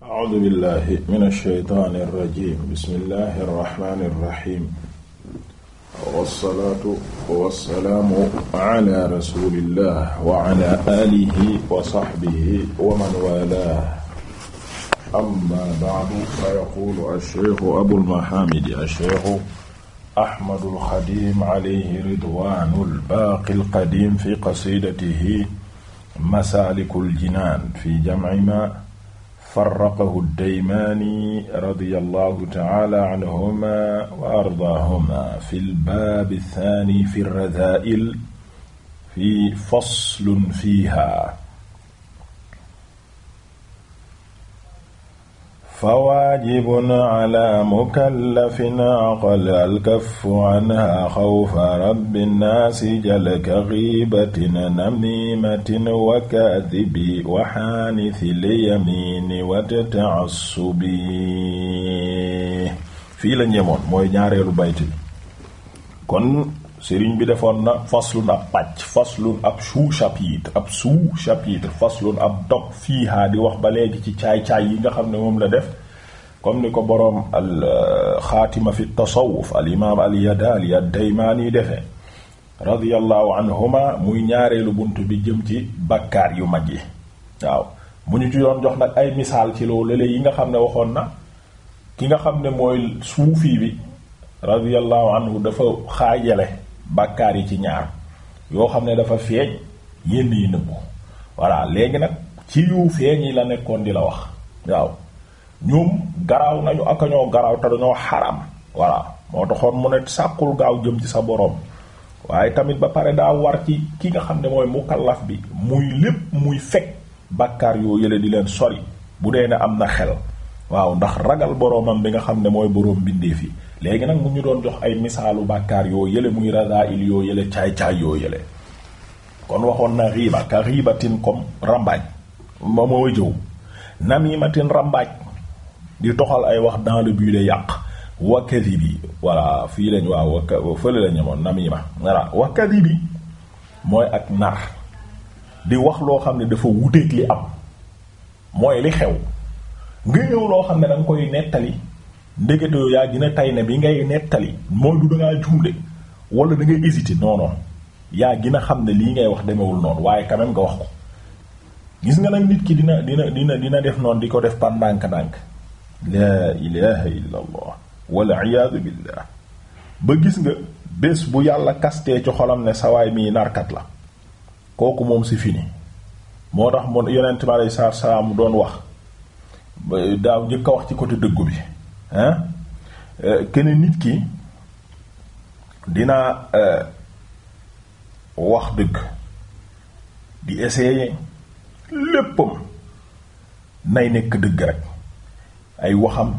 a'uuzu billahi mina shaytaani rajiim bismillahi rahmaani rahiim wassalaatu wassalaamu ala rasuulillah wa ala aalihi wa sahbihi wa man waalaahu amma ba'du fa yaquulu ash-shaykhu abul mahaamid ash-shaykhu ahmadul xadiim alayhi ridwaanul baaqil qadiim fi qasiidatihi masaalikul jinaan fi jam'i maa farraqahu daymaani radiyallahu ta'ala anhuma wa ardaahuma fil baabi saani fi radhaa'il fi faslun fiiha fa waajibun ala mukallafin aqal alkaffu anha xawfa rabbi nnaasi jalka giibatin namimatin wa kaadibi wa xaanisi lyamini wa taassubi fii la ñemoon mooy ñaareelu bayt bi kon sëriñ bi defoon na faslun ab pàcc faslun ab sous-chapitre ab sous-chapitre faslun ab dog fiihaa di wax ba léegi ci caay-caay yi nga xam ne moom la def comme ni ko boroom al euh, xaatima fi tasawuf al imaam al yadaali ad daymaani defee radiyallahu anhuma muy ñaareelu bunt bi jëm ci bakkaar yu mag yi waaw bu ñu ci doon jox nag ay misaal ci loolu lële yi nga xam ne waxoon na ki nga xam ne mooy suufi bi radiyallahu anhu dafa xaajale bàkkaar yi ci ñaar yoo xam ne dafa feeñ yenn yi nëbbu voilà léegi nag ci yu feeñ yi la nekkoon di la wax waaw ñoom garaaw nañu ak ñoo garaaw te dañoo xaram voilà moo taxoon mu ne sàkkul gaaw jëm ci sa boroom waaye tamit ba pare daa war ci ki nga xam ne mooy mu mukallaf bi muy lépp muy fekk bàkkaar yoo yële di leen sori bu dee ne am na xel waaw ndax ragal boroomam bi nga xam ne mooy boroom bindee fi léegi nag mu ñu doon jox ay misaalu bàkkaar yoo yële muy rasail yoo yële caay-caay yoo yële kon waxoon na riiba ka riibatin comme rambaaj ma mooy jëw namimatin rambaaj di toxal ay wax dans le but de yàq fii lañ waaw wa fële la ñemoon namima voilà mooy ak nar di wax loo xam ne dafa wuteeg li am mooy li xew nga ñëw loo xam ne danga koy nettali ndeketewoo yaa gën a tay ne bi ngay nettali mooy du dangaa juum de wala da ngay hésiter non non yaa gën a xam ne lii ngay wax demewul noonu waaye quand même nga wax ko gis nga nag nit ki dina dina dina dina def noonu di ko def par ndànk-ndànk laa ilaha illa allah wal ba gis nga bés bu yàlla kastee ci xolam ne sawaay mii narkat la kooku moom si fi fini moo tax mu yonent bi aleyhi salaatu wa salaam doon wax daaw njëkk a wax ci côté dëggu bi ah nit ki dina euh, wax dëgg di essayer léppam nay nekk dëgg rek ay waxam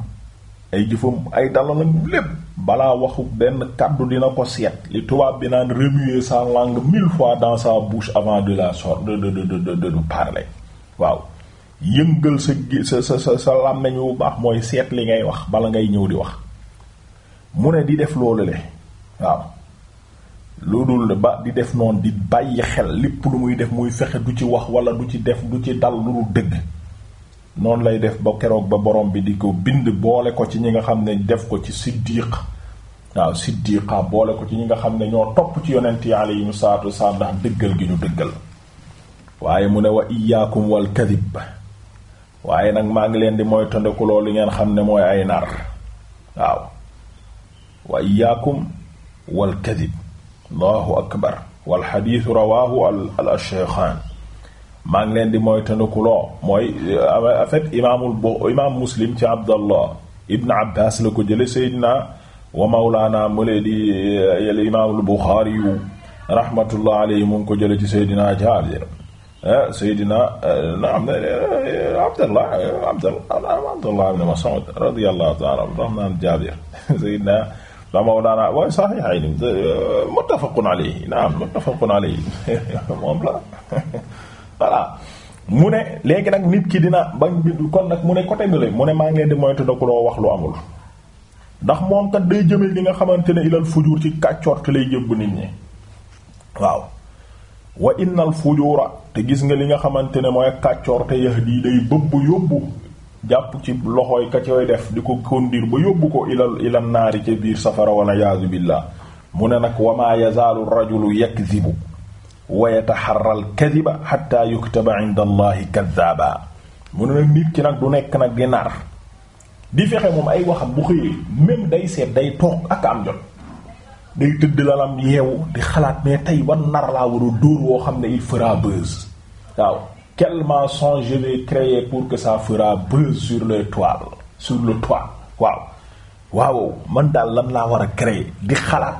ay jëfam ay dalalam lépp balaa waxu benn kàddu dina ko seet li tubaab bi naan remuer sa langue mille fois dans sa bouche avant de la sortir de de de de de parler waaw yëngal sa sa sa sa làmmeñ bu baax mooy seet li ngay wax bala ngay ñëw di wax mu ne di def loolu le waaw lu dul ba di def noonu di bàyyi xel lépp lu muy def muy fexe du ci wax wala du ci def du ci dal lu dul dëgg noonu lay def ba keroog ba borom bi di ko bind boole ko ci ñi nga xam ne def ko ci siddiq waaw siddiqa boole ko ci ñi nga xam ne ñoo topp ci yonent yi aleyhimu saatu wasalaam ndax dëggal gi ñu dëggal waaye mu ne wa iyaakum wal kadib waaye nag maa ngi leen di mooy tëndeku loolu ngeen xam ne mooy ay nar waaw wa iyakum wal kadib allahu akbar wal xadiisu rawaahu al shaykhaan maa ngi leen di mooy tëndeku loo mooy euh, en fait imaamul bo imaam muslim ci abdallah ibn abbas la ko jële seydina wa mawlaana mule di al euh, imaamul buxaari yu rahmatullah alayhi mu ngi ko jële ci seydina jaabir Eh, Seydina eh, am na eh, Abdallah Abdallah ibn Mas'ud radiyallahu ta'ala anhu am naan Jaabir Seydina la Mawlaana wa sahihayn muttafaqun alayhi naam muttafaqun alayhi moom la voilà mu ne léegi nag nit ki dina bañ bi kon nag mu ne côté bi mu ne maa ngi leen di moytu da ko loo wax lu amul ndax moom kat day jëmee li nga xamante ne ilal fujur ci kàccoor te lay jëbb nit ñi waaw wa innal fujuura te gis nga li nga xamante ne mooy kàccoor te yahdi day bëbb yóbbu jàpp ci loxooy ka cooy def di ko kondir ba yóbbu ko ilal ilal naari ca biir safara wala yaazu billah mu ne nag wa maa yazaalu rajulu yakzibu wa yataharra al kadiba xatta yuktaba mu ne nag nit nag du nekk nag di nar fexe moom ay waxam bu day seet day toog ak am jot day tëdd lalam yeewu di xalaat mais tey wan nar laa war a dóor woo xam ne il fera buzz waaw quel mensonge je vais créer pour que ça fera buzz sur le toit sur le toit waaw waaw man daal lan laa war a créer di xalaat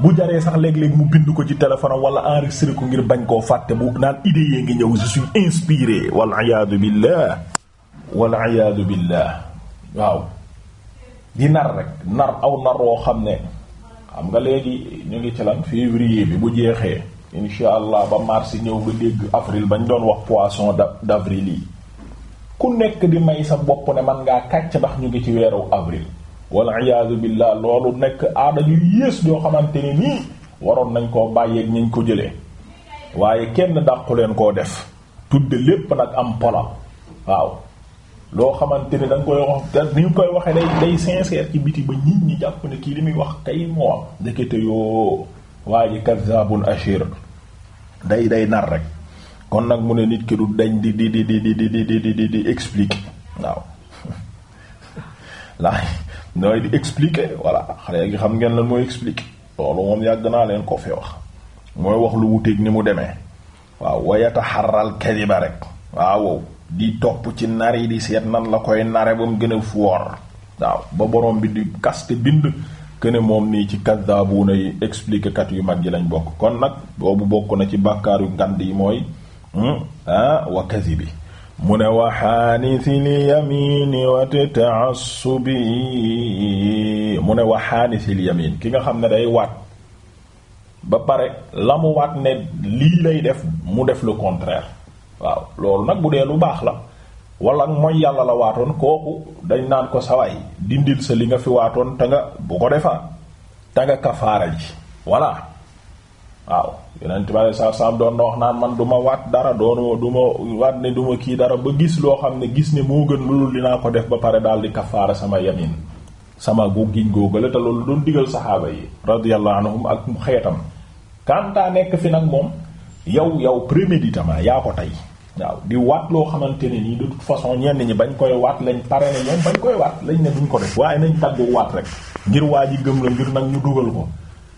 bu jaree sax léeg-léeg mu bind ko ci téléphone wala enregistré ko ngir bañ koo fàtte bu naan idée ngi ñëw si su inspiré wal iyaadu billah wal iyaadu billah waaw di nar rek nar aw nar woo xam ne xam nga léegi ñu ngi ci lan février bi bu jeexee insha allah ba mars ñëw ba dégg avril bañ doon wax poisson d'avril yi ku nekk di may sa bopp ne man ngaa kàcc ndax ñu ngi ci weeru avril walla iyaazu billah loolu nekk aada yu yées yoo xamante ni nii waroon nañ koo bàyyeeg ñañ ko jëlee waaye kenn dàqu leen koo def tudde lépp nag am pola waaw loo xamante ni da koy wax ñu koy waxee day day sincère ci biti ba nit ñi jàpp ne kii li muy wax kay moo am ndekete yoo waa ji kazzabun ashir day day nar rek kon nag mu ne nit ki du dañ di di di di di di di di di expliquer waaw la nooy di expliquer voilà xale yi xam ngeen lan mooy expliquer loolu moom yàgg naa leen ko fee wax mooy wax lu wuteeg ni mu demee waaw wayata xaral kadiba rek waaw di topp ci nar di seet nan la koy nare ba mu gën a waaw ba borom bi di kaste bind këne moom nii ci kaddaabuuna yi expliqué kat yu mag yi lañ bokk kon nag boobu bokk na ci bàkkaar yu ngand yi mooy hmm, ah wa kasi bi mu ne wa xaanisil yamini wa taassubi mu ne wa xaanisil yamin ki nga xam ne day waat ba pare la mu waat ne lii lay def mu def le contraire waaw loolu nag bu dee lu baax la wala ak mooy yàlla la waatoon kooku dañ naan ko sawaay dindil sa li nga fi waatoon tanga bu ko defa tanga nga kafaara ji voilà waaw yeneen tubaab sa doon na wax naan man du ma waat dara doon du duma wat ne du kii dara ba gis loo xam ne gis ne moo gën lu dinaa ko def ba pare daal di kafaara sama yamin sama gu giñ góogale te loolu doon digal saxaaba yi radiyallahu anhum ak xeetam kantaa nekk fi nag moom yow yow préméditement yaa ko tey waaw di waat loo xamante ne nii de toute façon ñenn ñi bañ koy waat lañ pare ne ñoom bañ koy waat lañ ne duñ ko def waaye nañ taggu waat rek ngir waa ji gëm la ngir nag ñu dugal ko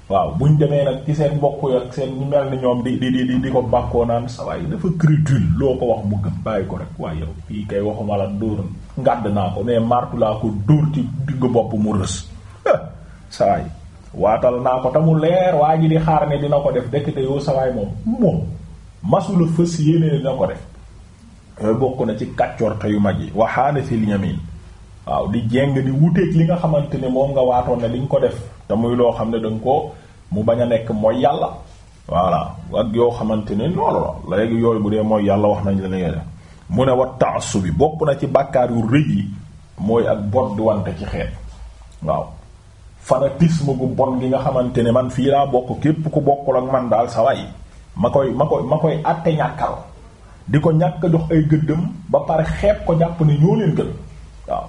waaw buñ demee nag ci seen mbokk ak seen ñu mel ni ñoom di di di di ko bàkkoo naan sa waay dafa crédule loo ko wax mu gëm bàyyi ko rek waaye yow fii kay waxuma la dóor ngàdd naa ko mais martu laa ko dóor ci diggu bopp mu rës sa waay waatal naa ko te mu leer waa ji di xaar ne dina ko def dekkte yoo sawaay moom moom masula fës yéene dina ko def yooyu eh, bokk na ci kàccorte yu mag yi waxaana fil yamin waaw di jeng di wuteeg li nga xamante ne moom nga waatoon ne li nga ko def te muy loo xam ne danga ko mu bañ a nekk mooy yàlla voilà ak yoo xamante ne loolu la léegi yooyu bu dee mooy yàlla wax nañ la ne def mu ne wa taasu bi bokk na ci bàkkaar yu rëy yi mooy ak bot di wante ci xeet fanatisme gu bon gi nga xamante ne man fii laa bokk képp ku bokkul ak man daal sa waay ma koy ma koy ma koy àtte ñàkkal di ko ñàkk jox ay gëddëm ba pare xeeb ko jàpp ne ñoo leen gën waaw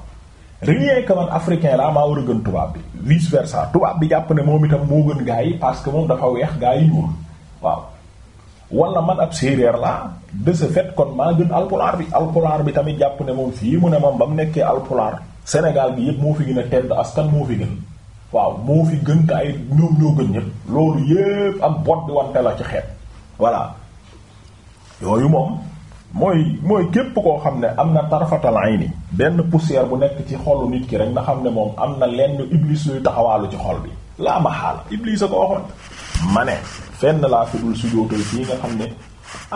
rien man africain laa maa war a gën tubaab bi vice versa tubaab bi jàpp ne moom itam moo gën gaa yi parce que moom dafa weex gaa yi waaw walla man ab séeréer laa de ce fait kon maa gën alpulaar bi alpulaar bi tamit jàpp ne moom fii mu ne moom ba mu nekkee alpulaar Sénégal bi yëpp moo fi waaw moo fi gën te ay ñoom ñoo gën ñëpp loolu yépp am bot bi wante la ci xeet voilà yooyu moom mooy mooy képp koo xam ne am na tarfatal ayni benn poussière bu nekk ci xolu nit ki rek nga xam ne moom am na lenn iblis luy taxawaalu ci xol bi laa ma xaala iblis a ko waxoon ma ne fenn laa fi dul sujjóotal fii nga xam ne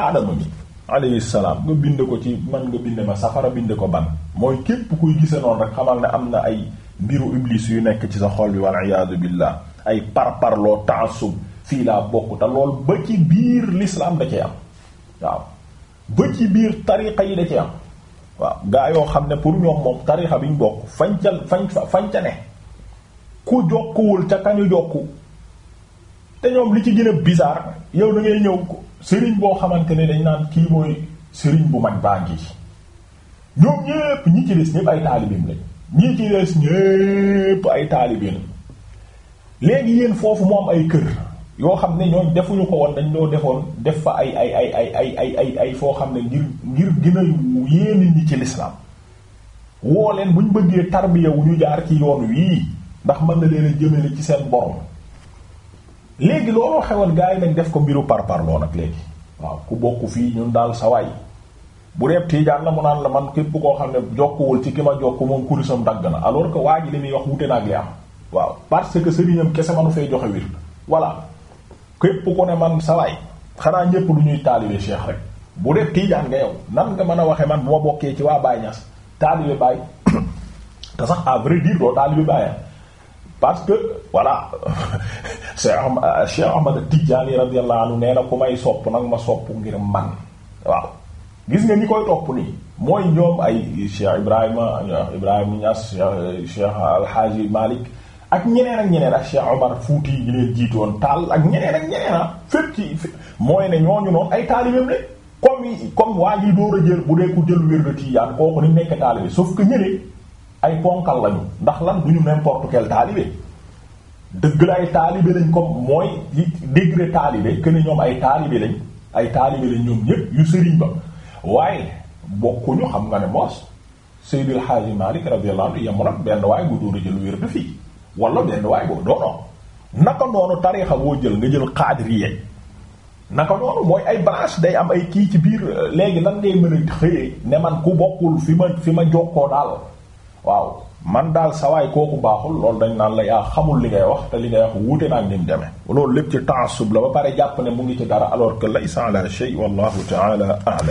aadama mi alayhi salaam nga bind ko ci man nga bind ma safara bind ko ban mooy képp kuy gise noonu rek xamal ne am na ay mbiru iblis yu nekk ci sa xol bi wal iyaadu billah ay parparloo taasub fii laa bokk te lool ba ci biir l'islam da cay am waaw ba ci biir tariqa yi da cay am waaw gaa yoo xam ne pour ñoom moom tariqa bi ñu bokk fañ ca fañ fañ ca ku jokkuwul ca kañu jokku te ñoom li ci gën a yow da ñëw sëriñ boo xamante ne dañ naan kii mooy sëriñ bu mag baa ngi ñoom ñépp ñi ci des ñépp ay taalibeem lañ ñi ci des ñépp ay taalibeem léegi yéen foofu moo am ay kër yoo xam ne ñooñ defuñu ko woon dañ doo defoon def fa ay ay ay ay ay ay ay ay foo xam ne ngir ngir gën a yéene ñi ci lislaam woo leen bu ñu bëggee tarbiya wu ñu jaar ci yoon wii ndax mën na leen a jëmale ci seen borom léegi looloo xewal gars yi nag def ko mbiru par parloo nag léegi waaw ku bokk fii ñun daal sa waay bu dee tiijaan la mu naan la man képp koo xam ne wul ci ki ma jokk moom kurisam dagg na aloor que waa ji li muy wax wute na ak li am waaw parce que sëriñam kese manu fay joxe wir voilà képp ko ne man sa waay xanaa ñépp lu ñuy taalibe cheikh rek bu dee tiijaan nga yow nan nga mën a waxe man bu ma bokkee ci waa baay Niass taalibe Baye te sax à vrai dire doo taalibe parce que voilà Cheikh Ahmad euh, Cheikh Ahmad Tidiane radiyallahu anhu nee na ku may sopp nag ma sopp ngir man waaw gis nga ñi koy topp nii mooy ñoom ay Cheikh Ibrahima Ibrahima Niass Cheikh Alhaji Malick ak ak ñeneen ak ñeneen ak ñeneen ah. mooy ne ñooñu noonu ay taalibeem la comme comme waa ngi door a jël bu dee jël wér gu kooku ni nekk taalibe sauf que ñeneen. ay ponkal lañu ndax lan du ñu n'importe quel taalibe dëgg la ay taalibe lañ comme mooy degré taalibe que ne ñoom ay taalibe lañ ay taalibe lañ ñoom ñépp yu sëriñ ba waaye bokkuñu xam nga ne moos Seydil Hadji Malick radiyallahu anhu yamul ak benn waay bu dóor a fii wala benn waay boo doono naka noonu tariixa boo jël nga jël xaadiriyya naka noonu mooy ay branche day am ay kii ci biir euh, léegi lan ngay mën a xëyee ne man ku bokkul fi ma fi ma jokkoo daal waaw man daal sawaay kooku baaxul loolu dañ naan la yaa xamul li ngay wax te li ngay wax wuute naa ni mu demee loolu lépp ci ta'assub la ba pare jàpp ne mu ngi ci dara alors que laysa ala shay wallahu